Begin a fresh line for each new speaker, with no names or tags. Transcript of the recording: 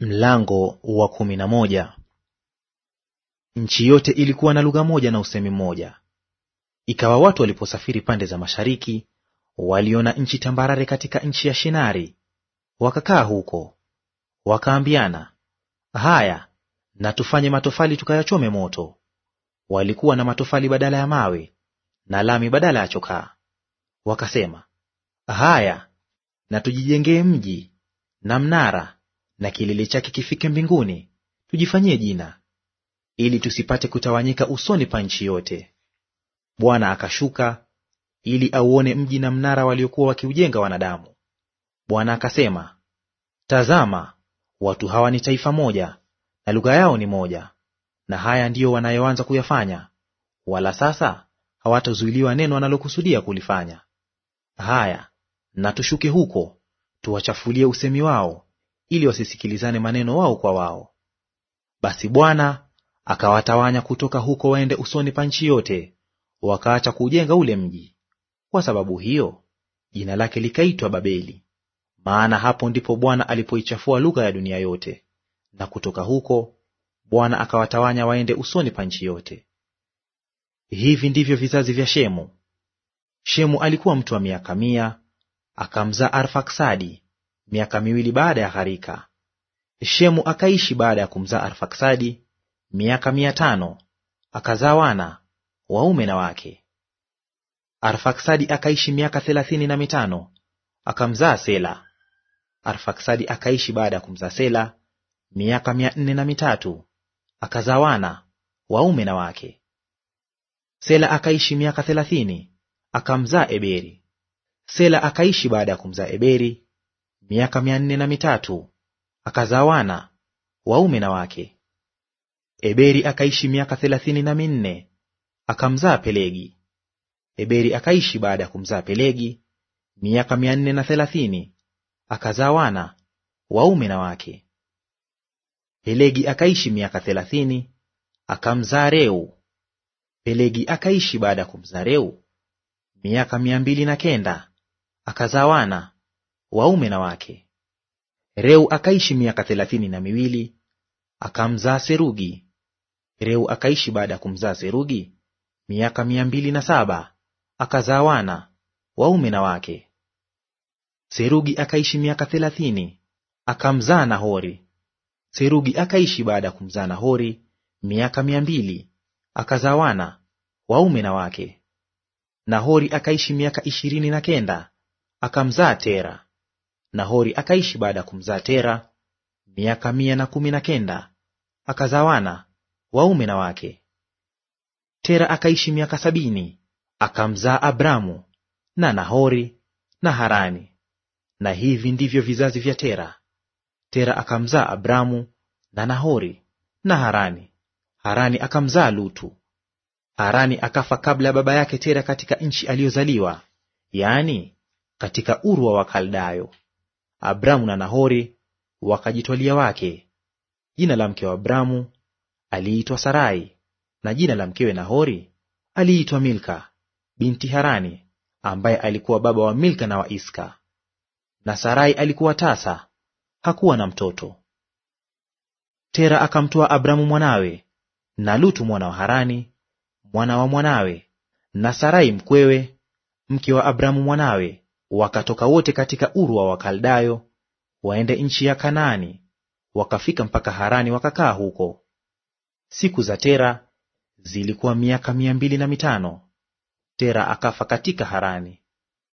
Mlango wa kumi na moja. Nchi yote ilikuwa na lugha moja na usemi mmoja. Ikawa watu waliposafiri pande za mashariki, waliona nchi tambarare katika nchi ya Shinari, wakakaa huko. Wakaambiana, haya, na tufanye matofali tukayachome moto. Walikuwa na matofali badala ya mawe na lami badala ya chokaa. Wakasema, haya, na tujijengee mji na mnara na kilele chake kifike mbinguni, tujifanyie jina, ili tusipate kutawanyika usoni pa nchi yote. Bwana akashuka ili auone mji na mnara waliokuwa wakiujenga wanadamu. Bwana akasema, tazama, watu hawa ni taifa moja na lugha yao ni moja, na haya ndiyo wanayoanza kuyafanya, wala sasa hawatazuiliwa neno wanalokusudia kulifanya. Haya, na tushuke huko tuwachafulie usemi wao ili wasisikilizane maneno wao kwa wao. Basi Bwana akawatawanya kutoka huko waende usoni pa nchi yote, wakaacha kuujenga ule mji. Kwa sababu hiyo jina lake likaitwa Babeli, maana hapo ndipo Bwana alipoichafua lugha ya dunia yote. Na kutoka huko Bwana akawatawanya waende usoni pa nchi yote. Hivi ndivyo vizazi vya Shemu. Shemu alikuwa mtu wa miaka mia, akamzaa Arfaksadi miaka miwili baada ya gharika. Shemu akaishi baada ya kumzaa Arfaksadi miaka mia tano, akazaa wana waume na wake. Arfaksadi akaishi miaka thelathini na mitano, akamzaa Sela. Arfaksadi akaishi baada ya kumzaa Sela miaka mia nne na mitatu, akazaa wana waume na wake. Sela akaishi miaka thelathini, akamzaa Eberi. Sela akaishi baada ya kumzaa Eberi miaka mia nne na mitatu akazaa wana waume na wake. Eberi akaishi miaka thelathini na minne akamzaa Pelegi. Eberi akaishi baada ya kumzaa Pelegi miaka mia nne na thelathini akazaa wana waume na wake. Pelegi akaishi miaka thelathini akamzaa Reu. Pelegi akaishi baada ya kumzaa Reu miaka mia mbili na kenda akazaa wana waume na wake. Reu akaishi miaka thelathini na miwili akamzaa Serugi. Reu akaishi baada ya kumzaa Serugi miaka mia mbili na saba akazaa wana waume na wake. Serugi akaishi miaka thelathini akamzaa Nahori. Serugi akaishi baada ya kumzaa Nahori miaka mia mbili akazaa wana waume na wake. Nahori akaishi miaka ishirini na kenda akamzaa Tera. Nahori akaishi baada ya kumzaa Tera miaka mia na kumi na kenda, akazaa wana waume na wake. Tera akaishi miaka sabini, akamzaa Abramu na Nahori na Harani. Na hivi ndivyo vizazi vya Tera. Tera akamzaa Abramu na Nahori na Harani. Harani akamzaa Lutu. Harani akafa kabla ya baba yake Tera katika nchi aliyozaliwa, yaani katika Uru wa Wakaldayo. Abramu na Nahori wakajitwalia wake. Jina la mke wa Abramu aliitwa Sarai, na jina la mkewe Nahori aliitwa Milka binti Harani, ambaye alikuwa baba wa Milka na wa Iska. Na Sarai alikuwa tasa, hakuwa na mtoto. Tera akamtoa Abramu mwanawe na Lutu mwana wa Harani mwana wa mwanawe na Sarai mkwewe mke wa Abramu mwanawe Wakatoka wote katika Uru wa Wakaldayo waende nchi ya Kanaani, wakafika mpaka Harani wakakaa huko. Siku za Tera zilikuwa miaka mia mbili na mitano. Tera akafa katika Harani.